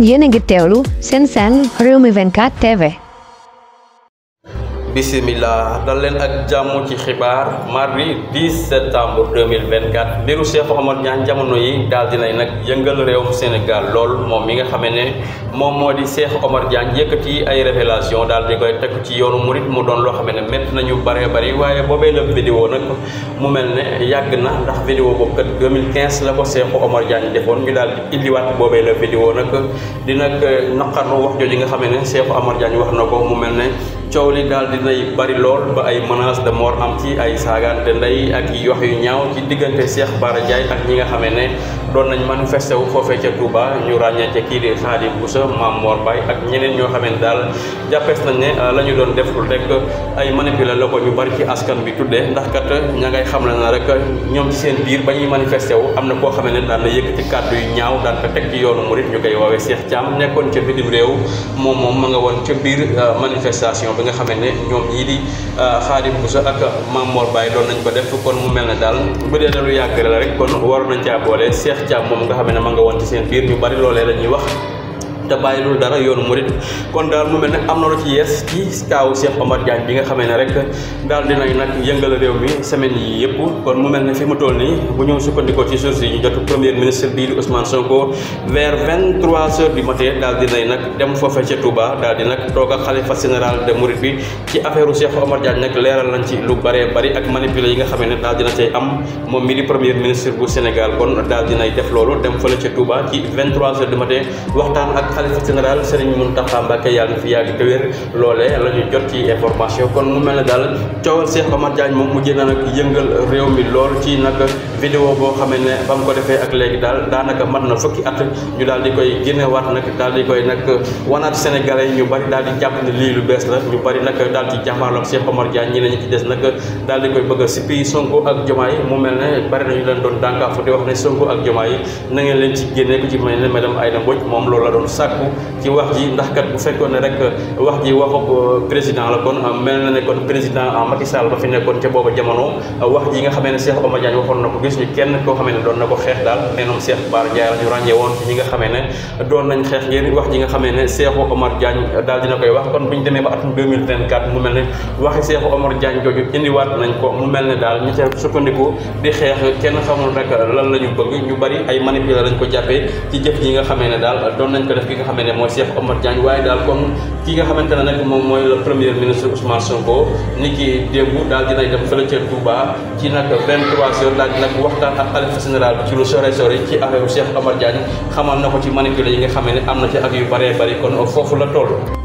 Jenegitelu Sensen Rumi Venkat Teve. bismillah dal ajamu ak mari ci xibaar mardi 10 septembre 2024 mbiru Cheikh Oumar Niane jamono yi daal dinay nak yëngal réewum senegal lol moom mi nga xamee ne moom di Cheikh Oumar Niane yëkkati ay revelation daal ya, ya, eh, kan, oh, di koy teg ci yoonu murit mu doon loo xamee ne métti nañu bare bari waaye boobee la vidéo nag mu mel ne na ndax vidéo boobu kat 2015 la ko Cheikh Oumar Niane defoon ñu daal di indiwaat boobee vidéo di nag naqarlu wax jooju nga xamee ne Cheikh Oumar Niane wax na mu mel di nay bari lool ba ay menace de mort am ci ay saagante ndey ak wax yu ñaaw ci diggante Cheikh Bara jay ak ñi nga xamee ne doon nañ manifesté wu foofee ca Touba ñu ràññee ca kii di Khadim Boussa Mame Mor Baye ak ñeneen ñoo xamee ne daal jàppees nañ ne ah, la ñu doon deful rek ay manipulé la ñu bari ci askan bi tuddee ndax kat ña ngay xam la na rek ñoom ci seen biir ba manifesté wu amna na koo xamee ne daan na yëkkati kàddu yu ñaaw daan ko teg ci yoonu murit ñu koy woowee Cheikh Thiam nekkoon ca bitim réew moom moom ma nga woon ca biir ah, manifestation bi nga xamee ne ñoom ñii di xaadim eh, bu sa ak mamor bay doon nañ ko def kon mu mel ne bu lu yàgg rek kon war nañ caa boole seex caam moom nga xam ma nga ci seen biir ñu bari loolee la wax te bàyyi loolu dara yoonu murit kon daal mu mel ne am na lu ci yees ci kaaw Cheikh Omar Diagne bi nga xamee ne rek daal dinañ nag yëngal réew mi semaine iya yi yëpp kon mu mel ne fi mu toll nii bu sukkandikoo ci source yi ñu jot premier ministre bii di Ousmane Sonko vers vingt trois heures daal nag dem foofe ca Touba daal di nag toog ak xalifa général de murit bi ci affaire u Cheikh Omar Diagne nag leeral nañ ci lu bëree bari ak manipulé yi nga xamee ne daal dina cay am moom mi di premier ministre bu Sénégal kon daal dinay def loolu dem fële ca Touba ci vingt trois heures du matin waxtaan ak xalifa général Serigne Mountakha Mbacké yaa ngi fi yàgg te wér loolee la ñu jot ci information kon mu mel ne daal coowal Cheikh Omar Diagne moom mujjee na nag yëngal réew mi lool ci nag vidéo boo xamee ne ba mu ko defee ak léegi daal daanaka mat na fukki at ñu daal di koy génnewaat nag daal di koy nag wanaat Sénégalais yi ñu bari daal di jàpp ne lii lu bees la ñu bari nag daal di jàmmaarloog Cheikh Omar Diagne ñi nañu ci des nag daal di koy bëgg a sippi Sonko ak Jomaay mu mel ne bari nañu leen doon dànkaafu di wax ne Sonko na ngeen leen ci génne ku sàkku ci wax ji ndax kat bu fekkoon ne rek wax ji waxu euh, président la kon euh, mel na ne kon président euh, Macky ba fi nekkoon ca booba jamono wax ji nga xamee ne Cheikh Oumar Diagne na ko gis ñu kenn na ko xeex daal nee noom Cheikh Bara Ndiaye la ñu ràññee woon ci ñi nga xamee ne doon nañ xeex ngir wax ji nga xamee ne dina koy wax kon bu ñu demee ba atum mu mel ne waxi Cheikh Oumar Diagne jooju indiwaat nañ ko mu mel ne daal ñu ca sukkandiku di xeex kenn xamul rek lan la bëgg ñu bari ay manipulé lañ ko jàppee ci jëf yi nga xamee ne daal doon nañ ko def nga xam ne mooy Cheikh Omar Diagne waaye daal kon ki nga xamante ne nag moom mooy le premier ministre Ousmane Sonko ni ki démb daal dinay dem fële ca Touba ci nag 23 heures daal di nag waxtaan ak xalifa général bi ci lu sore sore ci affaire Cheikh Omar Diagne xamal na ko ci manipulé yi nga xam ne am na ci ak yu bëree bëri kon foofu la tool